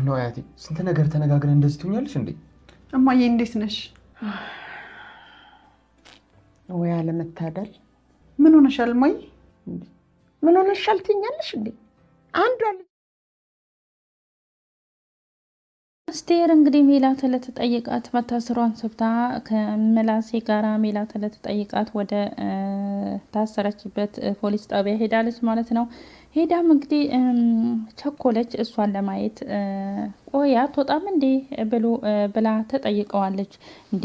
ምን ነው አያቴ፣ ስንት ነገር ተነጋግረን እንደዚህ ትሆኛለሽ እንዴ? እማዬ እንዴት ነሽ? ወይ አለመታደል! ምን ሆነሻል እማዬ? ምን ሆነሻል ትኛለሽ እንዴ? አንዷ አስቴር እንግዲህ ሜላት ለተጠየቃት መታሰሯን ሰብታ ከመላሴ ጋራ ሜላት ለተጠይቃት ወደ ታሰረችበት ፖሊስ ጣቢያ ሄዳለች ማለት ነው። ሄዳም እንግዲህ ቸኮለች እሷን ለማየት። ቆይ አትወጣም እንዴ ብሎ ብላ ተጠይቀዋለች። እንዴ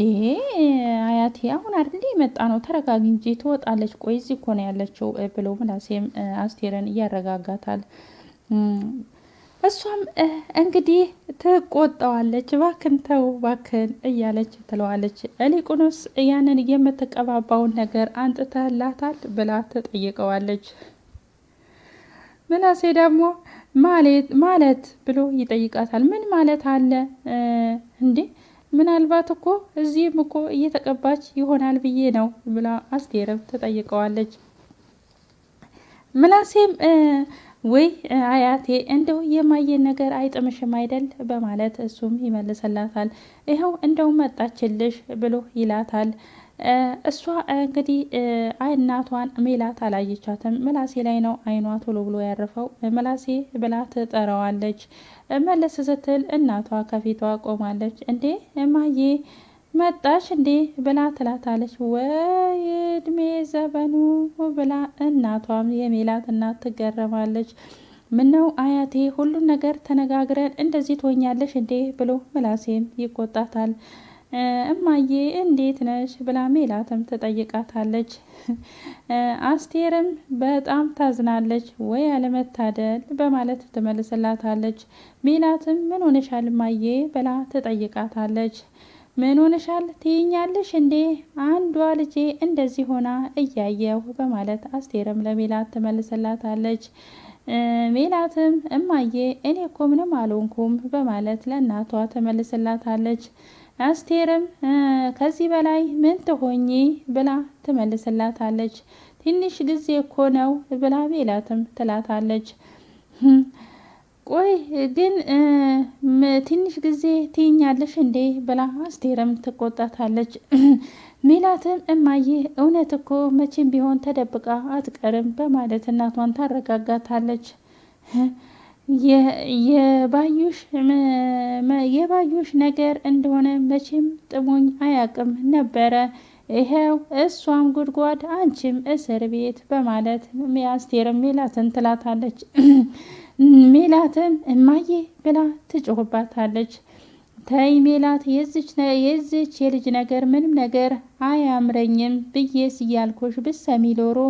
አያቴ አሁን አይደል የመጣ ነው ተረጋግ እንጂ ትወጣለች። ቆይ እዚህ እኮ ነው ያለችው ብሎ ምላሴም አስቴርን እያረጋጋታል። እሷም እንግዲህ ትቆጠዋለች ባክን ተው ባክን እያለች ትለዋለች። ሊቁኖስ ያንን የምትቀባባውን ነገር አንጥተህላታል ብላ ተጠይቀዋለች። ምናሴ ደግሞ ማለት ማለት ብሎ ይጠይቃታል። ምን ማለት አለ እንዴ? ምናልባት እኮ እዚህም እኮ እየተቀባች ይሆናል ብዬ ነው ብላ አስቴርም ትጠይቀዋለች። ምናሴም ወይ አያቴ እንደው የማየን ነገር አይጥምሽም አይደል በማለት እሱም ይመልስላታል። ይኸው እንደው መጣችልሽ ብሎ ይላታል። እሷ እንግዲህ እናቷን ሜላት አላየቻትም። ምላሴ ላይ ነው አይኗ ቶሎ ብሎ ያረፈው። መላሴ ብላ ትጠራዋለች። መለስ ስትል እናቷ ከፊቷ ቆማለች። እንዴ እማዬ መጣሽ እንዴ ብላ ትላታለች። ወይ እድሜ ዘበኑ ብላ እናቷም የሜላት እናት ትገረማለች። ምነው አያቴ ሁሉን ነገር ተነጋግረን እንደዚህ ትሆኛለሽ እንዴ ብሎ ምላሴም ይቆጣታል። እማዬ እንዴት ነሽ ብላ ሜላትም ትጠይቃታለች። አስቴርም በጣም ታዝናለች። ወይ አለመታደል በማለት ትመልስላታለች። ሜላትም ምን ሆነሻል እማዬ ብላ ትጠይቃታለች። ምን ሆነሻል ትይኛለሽ እንዴ? አንዷ ልጄ እንደዚህ ሆና እያየሁ በማለት አስቴርም ለሜላት ትመልስላታለች። ሜላትም እማዬ እኔ እኮ ምንም አልሆንኩም በማለት ለእናቷ ትመልስላታለች። አስቴርም ከዚህ በላይ ምን ትሆኚ ብላ ትመልስላታለች። ትንሽ ጊዜ እኮ ነው ብላ ቤላትም ትላታለች። ቆይ ግን ትንሽ ጊዜ ትይኛለሽ እንዴ ብላ አስቴርም ትቆጣታለች። ሜላትም እማዬ እውነት እኮ መቼም ቢሆን ተደብቃ አትቀርም በማለት እናቷን ታረጋጋታለች። የባዩሽ ነገር እንደሆነ መቼም ጥሞኝ አያቅም ነበረ። ይኸው እሷም ጉድጓድ አንቺም እስር ቤት በማለት አስቴርም ሜላትን ትላታለች። ሜላትን እማዬ ብላ ትጮህባታለች። ተይ ሜላት የዚች የዚች የልጅ ነገር ምንም ነገር አያምረኝም ብዬ ስያልኩሽ ብሰሚ ኖሮ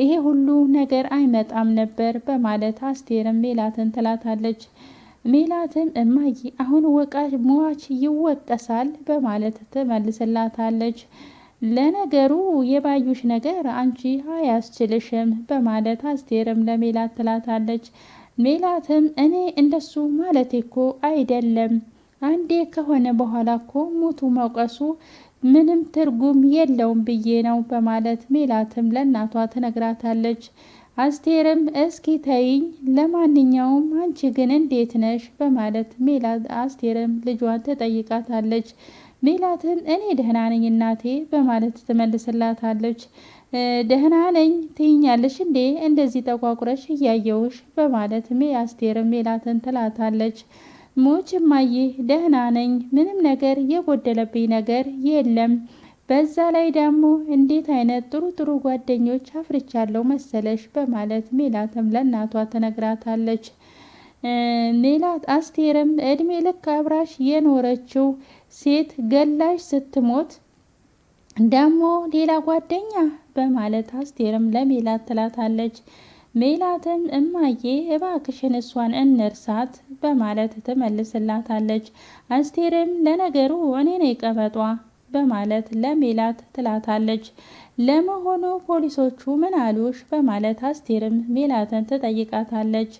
ይሄ ሁሉ ነገር አይመጣም ነበር በማለት አስቴርም ሜላትን ትላታለች። ሜላትም እማዬ አሁን ወቃሽ ሟች ይወቀሳል በማለት ትመልስላታለች። ለነገሩ የባዩሽ ነገር አንቺ አያስችልሽም በማለት አስቴርም ለሜላት ትላታለች። ሜላትም እኔ እንደሱ ማለቴ እኮ አይደለም አንዴ ከሆነ በኋላ እኮ ሙቱ መውቀሱ ምንም ትርጉም የለውም ብዬ ነው በማለት ሜላትም ለእናቷ ትነግራታለች። አስቴርም እስኪ ተይኝ፣ ለማንኛውም አንቺ ግን እንዴት ነሽ በማለት ሜላት አስቴርም ልጇን ትጠይቃታለች። ሜላትም እኔ ደህና ነኝ እናቴ በማለት ትመልስላታለች። ደህና ነኝ ትይኛለሽ እንዴ እንደዚህ ጠቋቁረሽ እያየውሽ በማለት አስቴርም ሜላትን ትላታለች። ሙች ማዬ ደህና ነኝ፣ ምንም ነገር የጎደለብኝ ነገር የለም። በዛ ላይ ደግሞ እንዴት አይነት ጥሩ ጥሩ ጓደኞች አፍርቻለሁ መሰለሽ በማለት ሜላትም ለእናቷ ትነግራታለች። ሜላት አስቴርም እድሜ ልክ አብራሽ የኖረችው ሴት ገላሽ ስትሞት ደግሞ ሌላ ጓደኛ በማለት አስቴርም ለሜላት ትላታለች። ሜላትም እማዬ እባክሽን እሷን እንርሳት በማለት ትመልስላታለች። አስቴርም ለነገሩ እኔ ነኝ ቀበጧ በማለት ለሜላት ትላታለች። ለመሆኑ ፖሊሶቹ ምን አሉሽ? በማለት አስቴርም ሜላትን ትጠይቃታለች።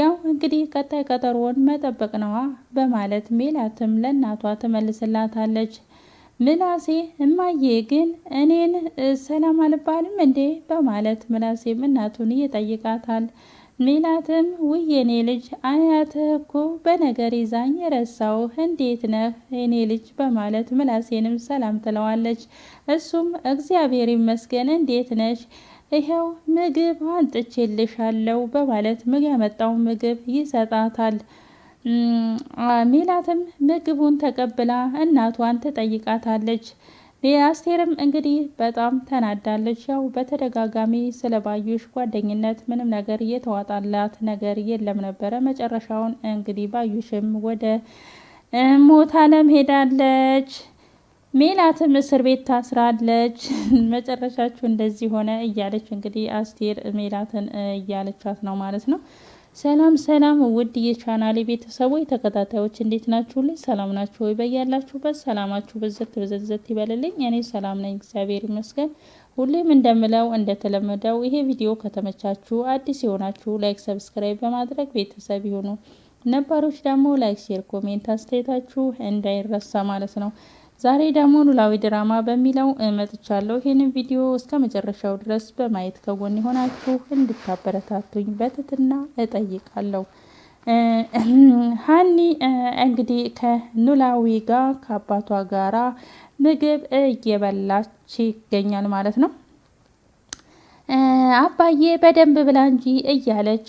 ያው እንግዲህ ቀጣይ ቀጠሮውን መጠበቅ ነዋ በማለት ሜላትም ለእናቷ ትመልስላታለች። ምናሴ እማዬ ግን እኔን ሰላም አልባልም እንዴ በማለት ምናሴም እናቱን ይጠይቃታል። ሜላትም ውዬኔ ልጅ አያትህ እኮ በነገር ይዛኝ የረሳው እንዴት ነህ የኔ ልጅ በማለት ምናሴንም ሰላም ትለዋለች። እሱም እግዚአብሔር ይመስገን እንዴት ነሽ? ይኸው ምግብ አንጥቼልሻለሁ በማለት ያመጣውን ምግብ ይሰጣታል። ሜላትም ምግቡን ተቀብላ እናቷን ትጠይቃታለች። አስቴርም እንግዲህ በጣም ተናዳለች። ያው በተደጋጋሚ ስለ ባዩሽ ጓደኝነት ምንም ነገር የተዋጣላት ነገር የለም ነበረ። መጨረሻውን እንግዲህ ባዩሽም ወደ ሞት አለም ሄዳለች። ሜላትም እስር ቤት ታስራለች። መጨረሻችሁ እንደዚህ ሆነ እያለች እንግዲህ አስቴር ሜላትን እያለቻት ነው ማለት ነው። ሰላም ሰላም ውድ የቻናሌ ቤተሰቦች ተከታታዮች እንዴት ናችሁልኝ? ሰላም ናችሁ ወይ? በያላችሁበት ሰላማችሁ በዘት ብዝት ይበልልኝ። እኔ ሰላም ነኝ፣ እግዚአብሔር ይመስገን። ሁሌም እንደምለው እንደተለመደው ይሄ ቪዲዮ ከተመቻችሁ አዲስ የሆናችሁ ላይክ፣ ሰብስክራይብ በማድረግ ቤተሰብ ይሁኑ። ነባሮች ደግሞ ላይክ፣ ሼር፣ ኮሜንት አስተያየታችሁ እንዳይረሳ ማለት ነው። ዛሬ ደግሞ ኖላዊ ድራማ በሚለው መጥቻለሁ። ይህንን ቪዲዮ እስከ መጨረሻው ድረስ በማየት ከጎን የሆናችሁ እንድታበረታቱኝ በትትና እጠይቃለሁ። ሀኒ እንግዲህ ከኖላዊ ጋር ከአባቷ ጋራ ምግብ እየበላች ይገኛል ማለት ነው። አባዬ በደንብ ብላ እንጂ እያለች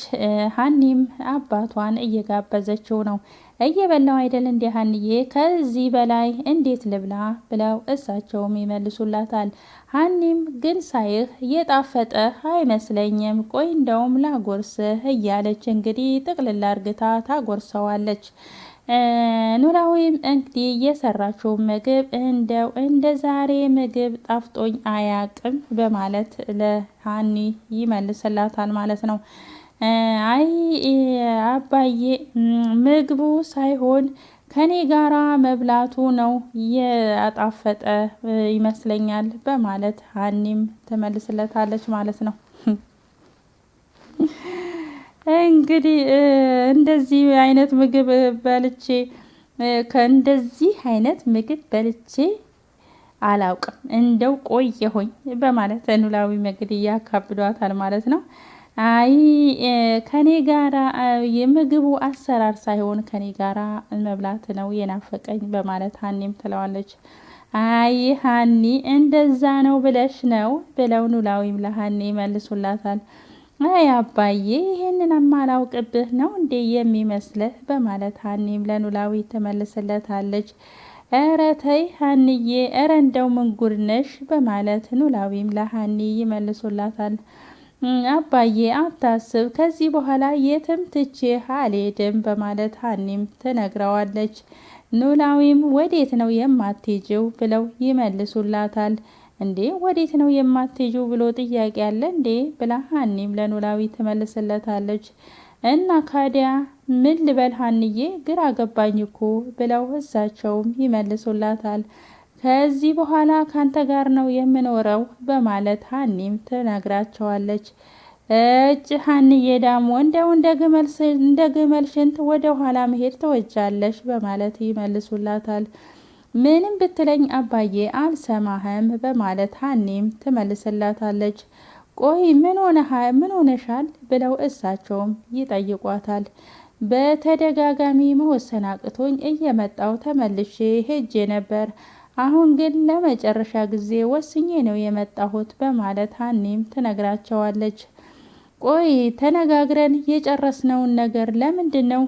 ሀኒም አባቷን እየጋበዘችው ነው። እየበላው አይደል እንዲ ሀንዬ፣ ከዚህ በላይ እንዴት ልብላ ብለው እሳቸውም ይመልሱላታል። ሀኒም ግን ሳይህ የጣፈጠ አይመስለኝም፣ ቆይ እንደውም ላጎርስህ እያለች እንግዲህ ጥቅልላ እርግታ ታጎርሰዋለች። ኑላዊም እንግዲህ የሰራችው ምግብ እንደው እንደ ዛሬ ምግብ ጣፍጦኝ አያቅም በማለት ለሀኒ ይመልስላታል ማለት ነው። አይ አባዬ ምግቡ ሳይሆን ከኔ ጋራ መብላቱ ነው የአጣፈጠ ይመስለኛል በማለት ሀኒም ትመልስለታለች ማለት ነው። እንግዲህ እንደዚህ አይነት ምግብ በልቼ ከእንደዚህ አይነት ምግብ በልቼ አላውቅም እንደው ቆየሁኝ በማለት ኖላዊ መግድ እያካብዷታል ማለት ነው። አይ ከኔ ጋራ የምግቡ አሰራር ሳይሆን ከኔ ጋራ መብላት ነው የናፈቀኝ በማለት ሀኒም ትለዋለች። አይ ሀኒ እንደዛ ነው ብለሽ ነው ብለው ኑላዊም ለሀኒ ይመልሱላታል። አይ አባዬ ይህንን አማላውቅብህ ነው እንዴ የሚመስልህ በማለት ሀኒም ለኑላዊ ትመልስለታለች። እረ ተይ ሀኒዬ፣ እረ እንደው ምንጉርነሽ በማለት ኑላዊም ለሀኒ ይመልሱላታል። አባዬ አታስብ፣ ከዚህ በኋላ የትም ትቼ አልሄድም በማለት ሀኒም ትነግረዋለች። ኖላዊም ወዴት ነው የማትሄጂው ብለው ይመልሱላታል። እንዴ ወዴት ነው የማትሄጂው ብሎ ጥያቄ አለ እንዴ ብላ ሀኒም ለኖላዊ ትመልስለታለች። እና ካዲያ ምን ልበል ሀንዬ ግራ ገባኝ እኮ ብለው እሳቸውም ይመልሱላታል። ከዚህ በኋላ ካንተ ጋር ነው የምኖረው በማለት ሀኒም ትነግራቸዋለች። እጭ ሀኒዬ ደግሞ እንደው እንደ ግመል ሽንት ወደ ኋላ መሄድ ትወጃለሽ በማለት ይመልሱላታል። ምንም ብትለኝ አባዬ አልሰማህም በማለት ሀኒም ትመልስላታለች። ቆይ ምን ሆነሻል ብለው እሳቸውም ይጠይቋታል። በተደጋጋሚ መወሰን አቅቶኝ እየመጣው ተመልሼ ሄጄ ነበር አሁን ግን ለመጨረሻ ጊዜ ወስኜ ነው የመጣሁት በማለት ሀኒም ትነግራቸዋለች። ቆይ ተነጋግረን የጨረስነውን ነገር ለምንድን ነው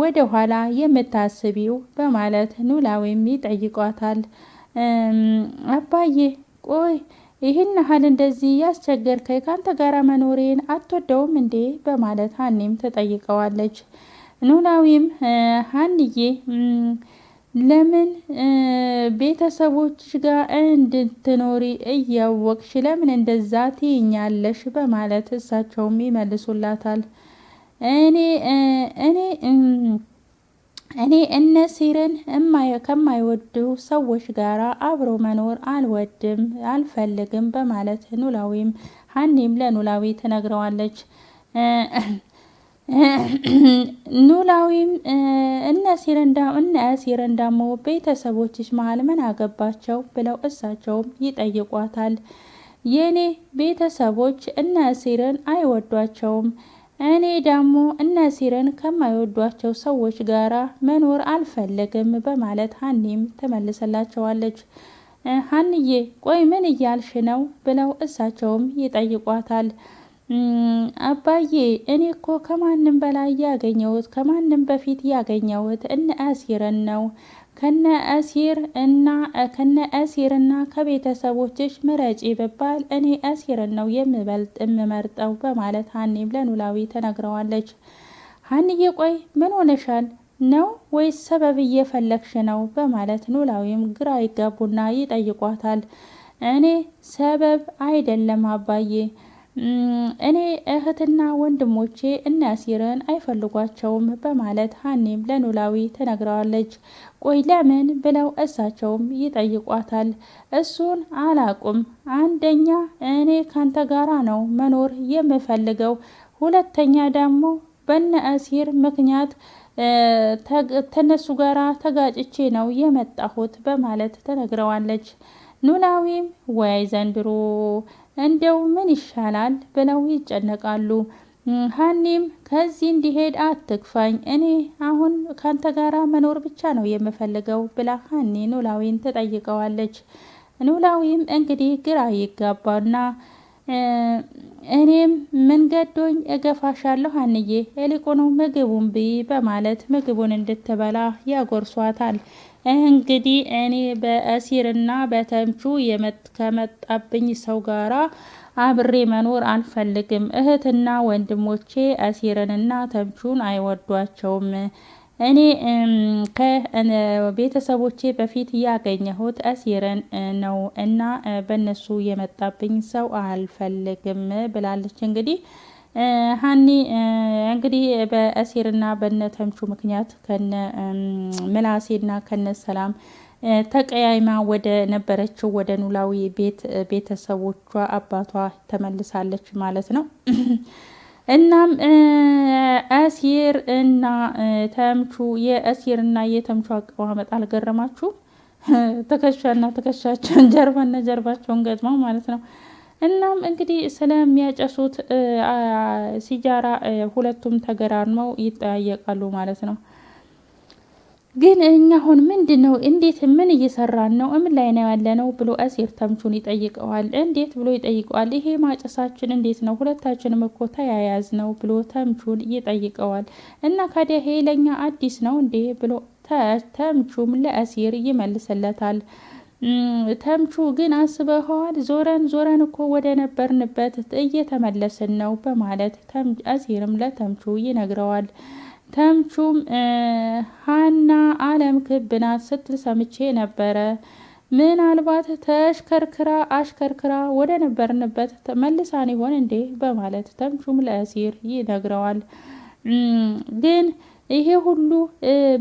ወደ ኋላ የምታስቢው? በማለት ኑላዊም ይጠይቋታል። አባዬ ቆይ ይህን ያህል እንደዚህ ያስቸገርከኝ ካንተ ጋር መኖሬን አትወደውም እንዴ? በማለት ሀኒም ትጠይቀዋለች። ኑላዊም ሀንዬ ለምን ቤተሰቦች ጋር እንድትኖሪ እያወቅሽ ለምን እንደዛ ትይኛለሽ? በማለት እሳቸውም ይመልሱላታል። እኔ እኔ እኔ እነ ሲርን ከማይወዱ ሰዎች ጋር አብሮ መኖር አልወድም አልፈልግም፣ በማለት ኑላዊም ሀኒም ለኑላዊ ትነግረዋለች። ኖላዊም እነ ሲረን እነ ሲረን ደግሞ ቤተሰቦችሽ መሀል ምን አገባቸው ብለው እሳቸውም ይጠይቋታል። የኔ ቤተሰቦች እነ ሲረን አይወዷቸውም። እኔ ደግሞ እነ ሲረን ከማይወዷቸው ሰዎች ጋራ መኖር አልፈልግም በማለት ሀኒም ትመልስላቸዋለች። ሀንዬ ቆይ ምን እያልሽ ነው ብለው እሳቸውም ይጠይቋታል። አባዬ እኔ እኮ ከማንም በላይ ያገኘሁት ከማንም በፊት ያገኘሁት እነ አሲርን ነው ከነ አሲር እና ከነ አሲር እና ከቤተሰቦችሽ ምረጪ ብባል እኔ አሲርን ነው የምበልጥ የምመርጠው በማለት ሀኒም ለኑላዊ ተነግረዋለች። ሀኒዬ ቆይ ምን ሆነሻል ነው ወይስ ሰበብ እየፈለግሽ ነው በማለት ኑላዊም ግራ ይጋቡና ይጠይቋታል። እኔ ሰበብ አይደለም አባዬ እኔ እህትና ወንድሞቼ እነ ያሲርን አይፈልጓቸውም በማለት ሀኔም ለኖላዊ ትነግረዋለች። ቆይ ለምን ብለው እሳቸውም ይጠይቋታል። እሱን አላቁም። አንደኛ እኔ ካንተ ጋራ ነው መኖር የምፈልገው፣ ሁለተኛ ደግሞ በነ አሲር ምክንያት ከነሱ ጋራ ተጋጭቼ ነው የመጣሁት በማለት ትነግረዋለች። ኖላዊም ወይ ዘንድሮ እንደው ምን ይሻላል ብለው ይጨነቃሉ። ሀኒም ከዚህ እንዲሄድ አትክፋኝ፣ እኔ አሁን ካንተ ጋራ መኖር ብቻ ነው የምፈልገው ብላ ሀኒ ኖላዊን ትጠይቀዋለች። ኖላዊም እንግዲህ ግራ ይጋባና እኔም መንገዶኝ እገፋሻለሁ ሀንዬ፣ ይልቁኑ ምግቡን ብይ በማለት ምግቡን እንድትበላ ያጎርሷታል። እንግዲህ እኔ በእሲርና በተምቹ ከመጣብኝ ሰው ጋራ አብሬ መኖር አልፈልግም። እህትና ወንድሞቼ እሲርንና ተምቹን አይወዷቸውም። እኔ ከቤተሰቦቼ በፊት ያገኘሁት እሲርን ነው እና በእነሱ የመጣብኝ ሰው አልፈልግም ብላለች እንግዲህ ሀኒ እንግዲህ በእሴርና በነ ተምቹ ምክንያት ከነ ምላሴና ከነ ሰላም ተቀያይማ ወደ ነበረችው ወደ ኑላዊ ቤት ቤተሰቦቿ አባቷ ተመልሳለች ማለት ነው። እናም እሴር እና ተምቹ የእሴርና የተምቹ አቀማመጥ አልገረማችሁ? ትከሻና ትከሻቸውን ጀርባና ጀርባቸውን ገጥመው ማለት ነው። እናም እንግዲህ ስለሚያጨሱት ሲጃራ ሁለቱም ተገራርመው ይጠያየቃሉ ማለት ነው። ግን እኛ አሁን ምንድን ነው እንዴት ምን እየሰራን ነው ምን ላይ ነው ያለ ነው ብሎ እሴት ተምቹን ይጠይቀዋል። እንዴት ብሎ ይጠይቀዋል። ይሄ ማጨሳችን እንዴት ነው ሁለታችንም እኮ ተያያዝ ነው ብሎ ተምቹን ይጠይቀዋል። እና ካዲያ ይሄ አዲስ ነው እንዴ ብሎ ተምቹም ለእሴር ይመልስለታል። ተምቹ ግን አስበኸዋል? ዞረን ዞረን እኮ ወደ ነበርንበት እየተመለስን ነው በማለት አሲርም ለተምቹ ይነግረዋል። ተምቹም ሀና አለም ክብ ናት ስትል ሰምቼ ነበረ ምናልባት ተሽከርክራ አሽከርክራ ወደ ነበርንበት መልሳን ይሆን እንዴ? በማለት ተምቹም ለአሲር ይነግረዋል ግን ይሄ ሁሉ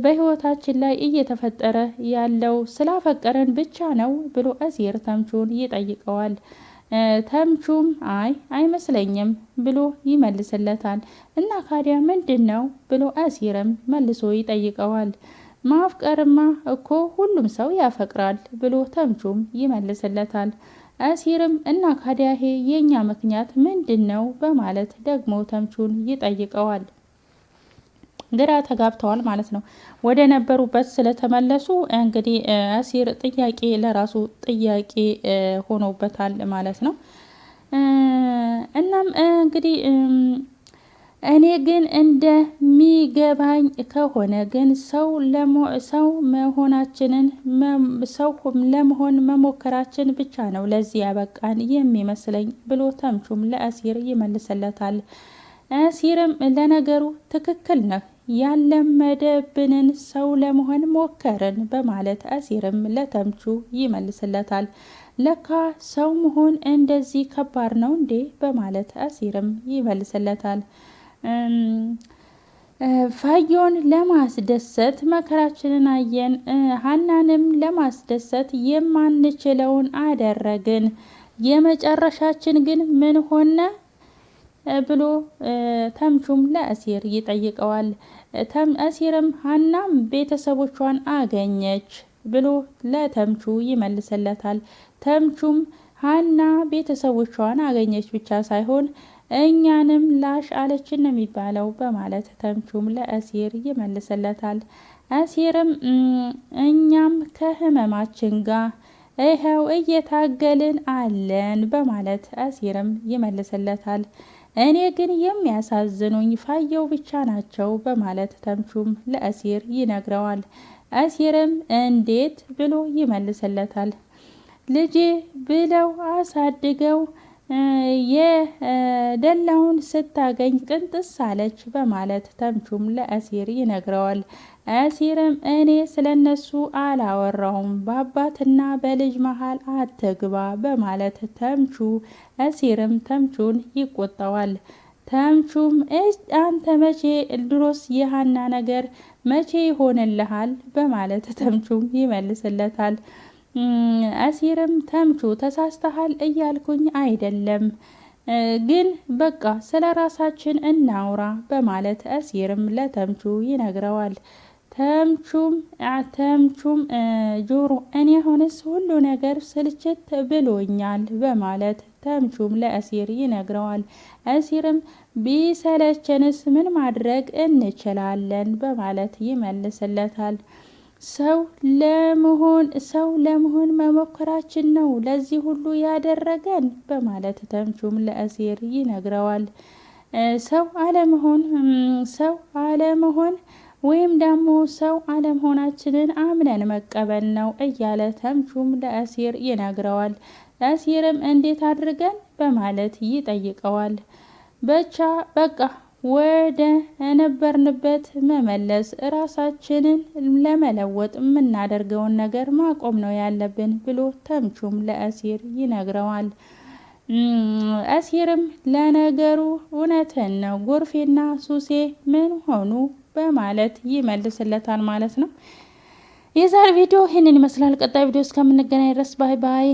በህይወታችን ላይ እየተፈጠረ ያለው ስላፈቀረን ብቻ ነው ብሎ አሲር ተምቹን ይጠይቀዋል። ተምቹም አይ አይመስለኝም ብሎ ይመልስለታል። እና ካዲያ ምንድን ነው ብሎ አሲርም መልሶ ይጠይቀዋል። ማፍቀርማ እኮ ሁሉም ሰው ያፈቅራል ብሎ ተምቹም ይመልስለታል። አሲርም እና ካዲያሄ የእኛ ምክንያት ምንድን ነው በማለት ደግሞ ተምቹን ይጠይቀዋል። ግራ ተጋብተዋል ማለት ነው። ወደ ነበሩበት ስለተመለሱ እንግዲህ አሲር ጥያቄ ለራሱ ጥያቄ ሆኖበታል ማለት ነው። እናም እንግዲህ እኔ ግን እንደሚገባኝ ከሆነ ግን ሰው ሰው መሆናችንን ሰው ለመሆን መሞከራችን ብቻ ነው ለዚህ ያበቃን የሚመስለኝ ብሎ ተምቹም ለአሲር ይመልስለታል። አሲርም ለነገሩ ትክክል ነህ ያለመደብንን ሰው ለመሆን ሞከርን በማለት አሲርም ለተምቹ ይመልስለታል። ለካ ሰው መሆን እንደዚህ ከባድ ነው እንዴ በማለት አሲርም ይመልስለታል። ፋዮን ለማስደሰት መከራችንን አየን፣ ሀናንም ለማስደሰት የማንችለውን አደረግን። የመጨረሻችን ግን ምን ሆነ? ብሎ ተምቹም ለእሲር ይጠይቀዋል። እሲርም ሀናም ቤተሰቦቿን አገኘች ብሎ ለተምቹ ይመልስለታል። ተምቹም ሀና ቤተሰቦቿን አገኘች ብቻ ሳይሆን እኛንም ላሽ አለችን ነው የሚባለው በማለት ተምቹም ለእሲር ይመልስለታል። እሲርም እኛም ከህመማችን ጋር ይኸው እየታገልን አለን በማለት እሲርም ይመልስለታል። እኔ ግን የሚያሳዝኑኝ ፋየው ብቻ ናቸው በማለት ተምቹም ለእሲር ይነግረዋል። እሲርም እንዴት ብሎ ይመልስለታል። ልጄ ብለው አሳድገው የደላውን ስታገኝ ቅንጥስ አለች በማለት ተምቹም ለእሲር ይነግረዋል። እሲርም እኔ ስለነሱ አላወራውም በአባትና በልጅ መሀል አትግባ በማለት ተምቹ አሲርም ተምቹን ይቆጣዋል። ተምቹም አንተ መቼ ድሮስ የሀና ነገር መቼ ይሆንልሃል በማለት ተምቹም ይመልስለታል። አሲርም ተምቹ ተሳስተሃል እያልኩኝ አይደለም ግን በቃ ስለ ራሳችን እናውራ በማለት አሲርም ለተምቹ ይነግረዋል። ተምቹም ተምቹም ጆሮ እኔ አሁንስ ሁሉ ነገር ስልችት ብሎኛል በማለት ተምቹም ለእሲር ይነግረዋል። እሲርም ቢሰለችንስ ምን ማድረግ እንችላለን በማለት ይመልስለታል። ሰው ለመሆን ሰው ለመሆን መሞከራችን ነው ለዚህ ሁሉ ያደረገን በማለት ተምቹም ለእሲር ይነግረዋል። ሰው አለመሆን ሰው አለመሆን ወይም ደግሞ ሰው አለመሆናችንን አምነን መቀበል ነው እያለ ተምቹም ለእሲር ይነግረዋል። ለእሲርም እንዴት አድርገን በማለት ይጠይቀዋል። ብቻ በቃ ወደ ነበርንበት መመለስ እራሳችንን ለመለወጥ የምናደርገውን ነገር ማቆም ነው ያለብን ብሎ ተምቹም ለእሲር ይነግረዋል። እሲርም ለነገሩ እውነትን ነው ጎርፌና ሱሴ ምን ሆኑ በማለት ይመልስለታል ማለት ነው። የዛሬ ቪዲዮ ይህንን ይመስላል። ቀጣይ ቪዲዮ እስከምንገናኝ ድረስ ባይ ባይ።